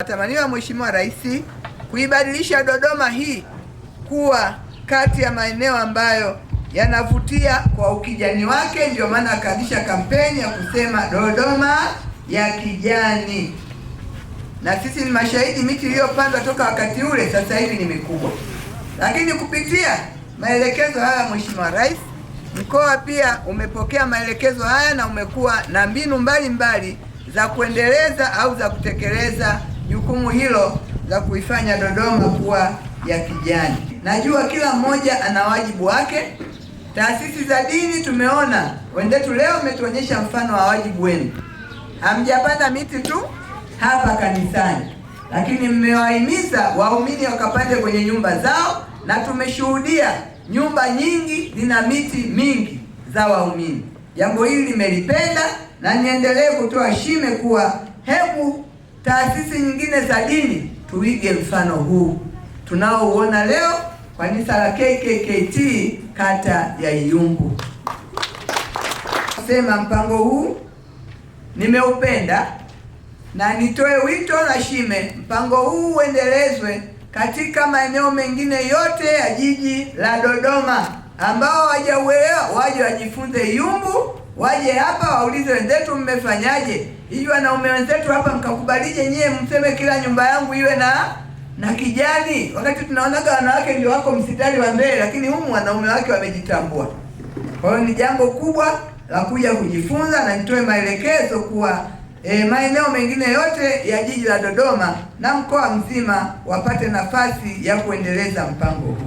Natamaniwa Mheshimiwa Rais kuibadilisha Dodoma hii kuwa kati ya maeneo ambayo yanavutia kwa ukijani wake. Ndio maana akaanzisha kampeni ya kusema Dodoma ya kijani, na sisi ni mashahidi, miti iliyopandwa toka wakati ule sasa hivi ni mikubwa. Lakini kupitia maelekezo haya Mheshimiwa Rais, mkoa pia umepokea maelekezo haya na umekuwa na mbinu mbalimbali mbali za kuendeleza au za kutekeleza jukumu hilo la kuifanya Dodoma kuwa ya kijani. Najua kila mmoja ana wajibu wake. Taasisi za dini tumeona wendetu leo umetuonyesha mfano wa wajibu wenu. Hamjapanda miti tu hapa kanisani, lakini mmewahimiza waumini wakapande kwenye nyumba zao, na tumeshuhudia nyumba nyingi zina miti mingi za waumini. Jambo hili nimelipenda na niendelee kutoa shime kuwa hebu taasisi nyingine za dini tuige mfano huu tunaouona leo, kanisa la KKKT kata ya Iyungu. Sema mpango huu nimeupenda na nitoe wito na shime, mpango huu uendelezwe katika maeneo mengine yote ya jiji la Dodoma. Ambao hawajauelewa waje wajifunze Iyungu waje hapa waulize wenzetu, mmefanyaje? Hivi wanaume wenzetu hapa mkakubalije nyie mseme kila nyumba yangu iwe na na kijani, wakati tunaonaga wanawake ndio wako msitari wa mbele, lakini humu wanaume wake wamejitambua. Kwa hiyo ni jambo kubwa la kuja kujifunza, na nitoe maelekezo kuwa e, maeneo mengine yote ya jiji la Dodoma na mkoa mzima wapate nafasi ya kuendeleza mpango huu.